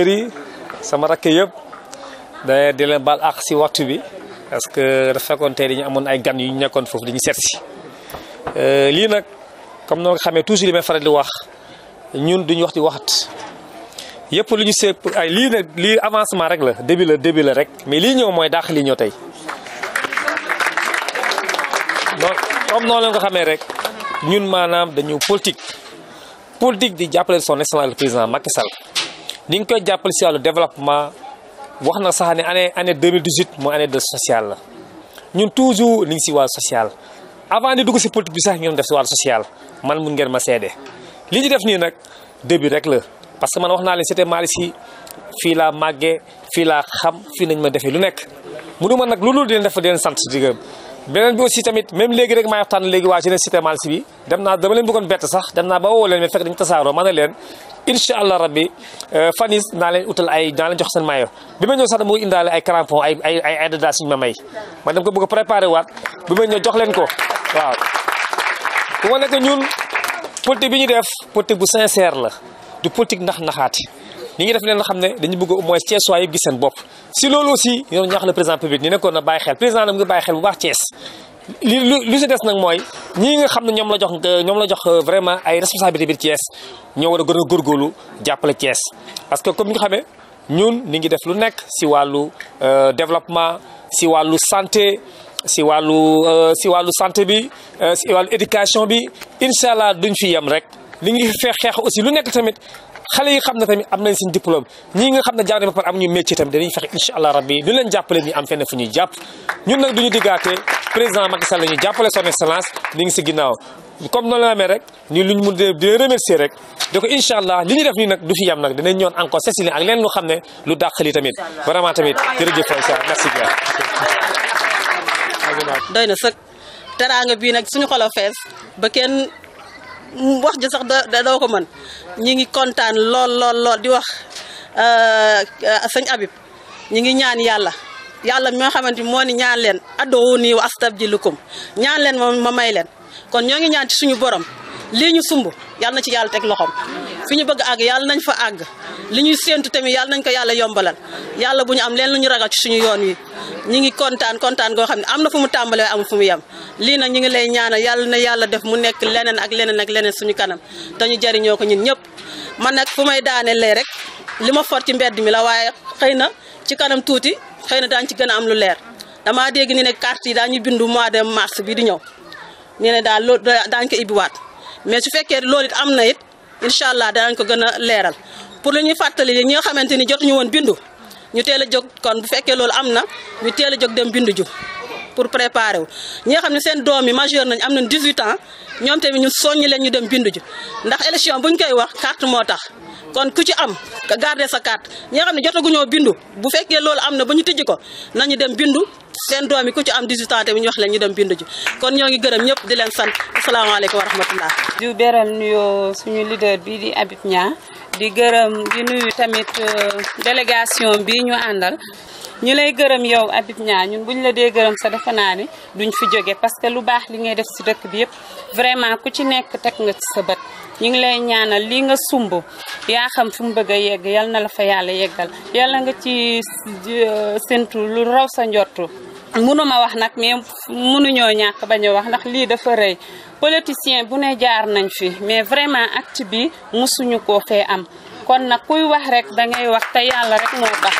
yi sama rakk yëpp da di leen baal àq si waxtu bi parce que dafa fekkoon tey dañu amoon ay gan yu ñu nekkoon foofu dañu seet si euh, lii nag comme noo nga xamee toujours li may faral di wax ñun duñu wax di waxat yëpp lu ñu seeg ay lii nag lii avancement rek la début la début la rek mais lii ñëw mooy daax lii ñëw tey comme noonu la nga xamee rek ñun maanaam dañu politique politique di jàppale son excellence le président Macky Sall ni ngi koy jappal ci wàllu développement wax na sax ni année année 2018 mo année de social ñun toujours ni ngi si wàllu social avant di dugg ci politique bi sax ngeen def ci wal social man mu ngeen ma cédé li ñu def ni nak début rek la parce que man wax naa c'était mal ici fi la màggee fi la xam fi nañ ma défé lu nekk mënu ma nak lu di def di len sante digam beneen bi aussi tamit même léegi rek maa waxtaan léegi waa Cité Cité Malsi bi dem naa dama leen bëggoon bett sax dem naa ba woo leen mais fekk dañu tasaaroo ma ne leen incha allah rabbi euh, fan yii naa leen utal ay naa leen jox seen maayo bi ma ñëw sax dama indaale ay crampon ay ay ay ñu ma may ma dem ko bëgg a préparé waat bi ma ñëw jox leen ko waaw. bu ma nekk ñun politique bi ñu def politique bu sincère la du politique ndax naxaati ñi ngi def leen nga xam ne dañu bëgg au moins Cees yëpp gis seen bopp. si loolu aussi yow ñaax la président public ni nekkoon na bàyyi xel président nag mu ngi bàyyi xel bu baax Thiès li lu si des nag mooy ñii nga xam ne ñoom la jox ñoom la jox euh, vraiment ay responsabilité biir Thiès ñoo war a gën a góorgóorlu jàppale Thiès parce que comme nga xamee ñun ni ngi def lu nekk si wàllu euh, développement si wàllu santé si wàllu euh, si wàllu santé bi si wàllu éducation bi incha allah duñ fi yem rek li ngi feex xeex aussi lu nekk tamit xale yi xamna ne tamit am nañ seen diplôme ñi nga xamna jaar nañ ba pare amuñu métier tam dañuy fexe inshallah rabbi lu leen jàppale ni am fenn fuñu jàpp ñun nak duñu digaté président Macky Sall ñu jàppale son excellence ñi ngi ci ginnaw comme non la mé rek ñu luñ mu di leen remercier rek da inshallah li ñu def nii nak du fi yam nak dinañ ñoon encore sesili ak leen lu xamné lu dakhali tamit vraiment tamit jërëjëf Aïssa merci bien doy sax teranga bi nak suñu xolo fess ba kenn wax ji sax da doo ko mën ñi ngi kontaan lool lool lool di wax euh, sëñ abib ñi ngi ñaan yàlla yàlla mi nga xamante moo ni ñaan leen addoowu nii wa astabdilukum ñaan leen ma may leen kon ñoo ngi ñaan ci suñu borom li ñu sumb yàlla na ci yàlla teg loxoom fi ñu bëgg àgg yàlla nañ fa àgg li ñuy séentu tamit yàlla nañ ko yàlla yombalal yàlla bu ñu am leen lu ñu ragal suñu yoon wi ñu ngi kontaan kontaan goo xam ne am na fu mu tàmbalee amul fu mu yem lii nag ñu ngi lay ñaanal yàlla na yàlla def mu nekk leneen ak leneen ak leneen suñu kanam dañu jariñoo ko ñun ñëpp man nag fu may daanelee rek li ma for ci mbedd mi la waaye xëy na ci kanam tuuti xëy na daañu ci gën a am lu leer damaa dégg ni ne carte yi daañu bindu mois de mars bi di ñëw ñu ne daal loolu daañu ko mais su fekkee loolu am na it incha allah danañ ko gën a leeral pour li ñuy fàttali ñi nga xamante ni jotuñu woon bindu ñu teel a jóg kon bu fekkee loolu am na ñu teel a jóg dem bindu ju pour préparer wu ñi xam ne seen doom yi majeur nañ am nañ 18 ans ñoom tamit ñu soññi leen ñu dem bindu ju ndax élection ñu koy wax carte moo tax kon ku ci am nga garder sa carte ñi nga xam ne jotaguñoo bindu bu fekkee loolu am na bu ñu tijji ko nañu dem bindu seen doom yi ku ci am 18 ans tamit ñu wax leen ñu dem bindu ju kon ñoo ngi gërëm ñëpp di leen sant asalaamaaleykum wa rahmatullah. di beral nuyoo suñu bii di Habib Niang di gërëm di nuyu tamit euh, délégation bii ñu àndal ñu lay gërëm yow Habib Niang ñun buñ la dee gërëm sa defe naa ni duñ fi jóge parce que lu baax li ngay def ci dëkk bi yëpp vraiment ku ci nekk teg nga ci sa bët ñu ngi lay ñaanal lii nga sumb yaa xam fu mu bëgg a yegg yal na la fa yàlla yeggal yal na nga ci euh, séntu lu raw sa njortu mënuma wax nag mais mënuñoo ñàkk ba a wax ndax lii dafa rëy politicien bu ne jaar nañ fi mais vraiment acte bi mësuñu ko fee am kon nag kuy wax rek da ngay wax te yàlla rek moo tax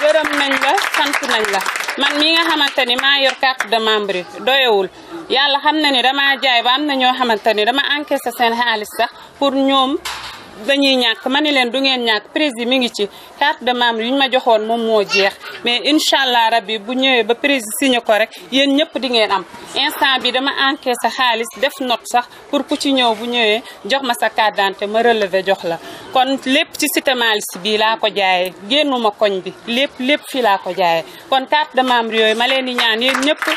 gërëm nañ la sant nañ la man mi nga xamante ni maa yor carte de membre yi doyewul yàlla xam na ni dama jaay ba am na ñoo xamante ni dama encaissé seen xaalis sax pour ñoom dañuy ñàkk ma ni leen du ngeen ñàkk président mi ngi ci carte de membre yi ñu ma joxoon moom moo jeex mais incha allah rabbi bu ñëwee ba président signé ko rek yéen ñëpp di ngeen am instant bi dama encaissé xaalis def note sax pour ku ci ñëw bu ñëwee jox ma sa carte d'identité ma relevé jox la kon lépp ci cité Malick Sy bii laa ko jaayee génnuma koñ bi lépp lépp fii laa ko jaayee kon carte de membre yooyu ma leen di ñaan yéen ñëpp ku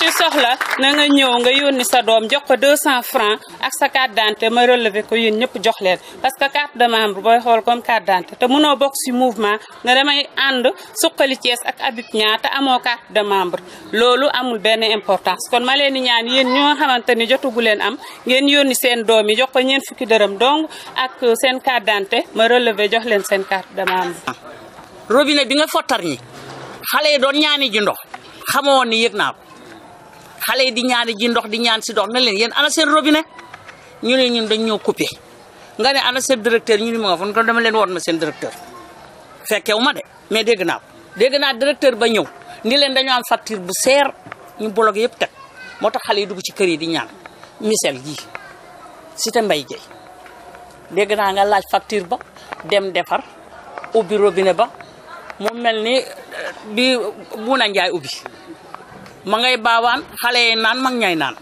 ci soxla na nga ñëw nga yónni sa doom jox ko 200 francs ak sa carte d'identité ma relevé ko yéen ñëpp jox leen parce que carte de membre booy xool comme carte d'identité te mënoo bokk ci mouvement nga damay ànd suqali ci Thiès ak Abibña te amoo carte de membre loolu amul benn importance kon ma leen di ñaan yéen ñoo xamante ni jotugu leen am ngeen yónni seen doom yi jox ko ñeen fukki dërëm donc ak euh, seen carte d'identité ma relever jox leen seen carte de membre. robinet bi nga fottar ñi xale yi doon ñaani ji ndox woon ni yëg naa ko xale yi di ñaani ji ndox di ñaan si ndox na leen yéen ana seen robinet ñu ne ñun dañ ñoo coupé nga ne ana seen directeur ñu ne ma nga dema leen woon ma seen directeur dégg na directeur ba ñew ni leen dañu am facture bu ser ñu blog yépp teg moo tax dugg ci kër yi di ñaan misel gi cité mbay jey dégg na nga laaj facture ba dem defar bi robinet ba mu mel ni euh, bi na ñay ubi ma ngay baawaan xalé yi naan mag ñay naan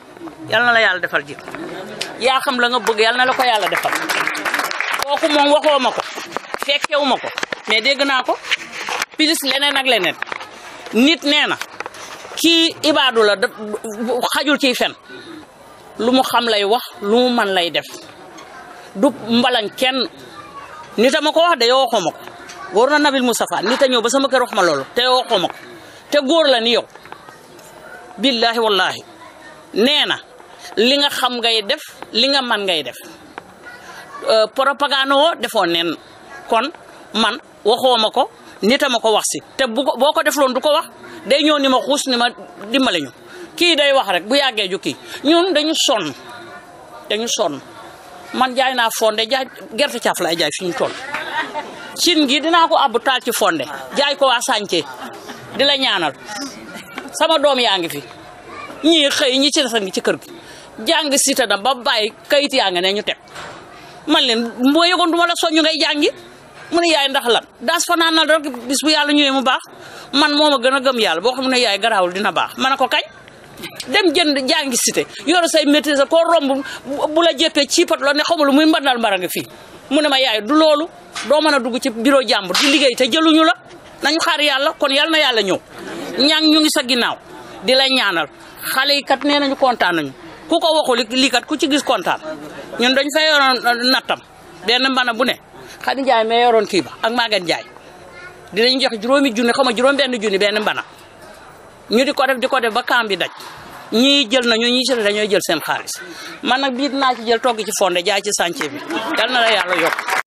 yal na la yalla défar ji ya xam la nga bëgg yalla na la ko yalla défar kooku moom waxoo ma fekkewu mako mais dégg na ko plus leneen ak leneen nit nee na kii ibaadu la xajul ciy fen lu mu xam lay wax lu mu man lay def du mbalañ kenn nit a ma ko wax de yow waxoo ma ko wóor na Nabil Moustapha nit a ñëw ba sama kër wax ma loolu te yow waxoo ma te góor la ni yow billaahi wallaahi nee na li nga xam ngay def li nga man ngay def euh, propagande woo defoo nen kon man waxoo ma ko nit a ma ko wax si te bu ko boo ko defloon du ko wax day ñëw ni ma xuus ni ma dimbale ñu kii day wax rek bu yàggee ju kii ñun dañu sonn dañu sonn man jaay naa fonde jaay gerte caaf laay jaay fi ñu toll. cin gi dinaa ko abbu taal ci fonde jaay ko waa sànce di la ñaanal sama doom yaa ngi fi ñii xëy ñi ci desan ngi ci kër gi jàng si te na ba bàyyi kayit yaa ngi ne ñu teg man leen boo yëgoon du ma la soññu ngay jàngi. mune yaay ndax lan daas fanaanal rek bis bu yalla ñewé mu baax man moma magana gëm yalla bo xam Mana yaay garawul dina baax kañ dem jënd jangi cité yoro say métier ko koo romb bu la ci pat lo ne xamul muy mbandal mara nga fi mune ma yaay du lolu do mëna dugg ci bureau jàmbur di liggéey te jëluñu la nañu xaar yalla kon yalla na yalla ñew ñang ñu ngi sa ginnaw di la ñaanal xalé yi kat nenañu contant nañu ku waxul li kat ku ci gis contant ñun dañ fay uh, natam ben mbana bu ne Xadi Njaay ma yoroon kii ba ak Maguette Njaay dinañ jox juróomi junni xaw ma juróom benn junni benn mbana ñu di ko def di ko def ba camp bi daj ñii jël nañu ñii jël dañooy jël seen xaalis man na bii naa ci jël togg ci fonde jaay ci chantier bi na la yàlla yokk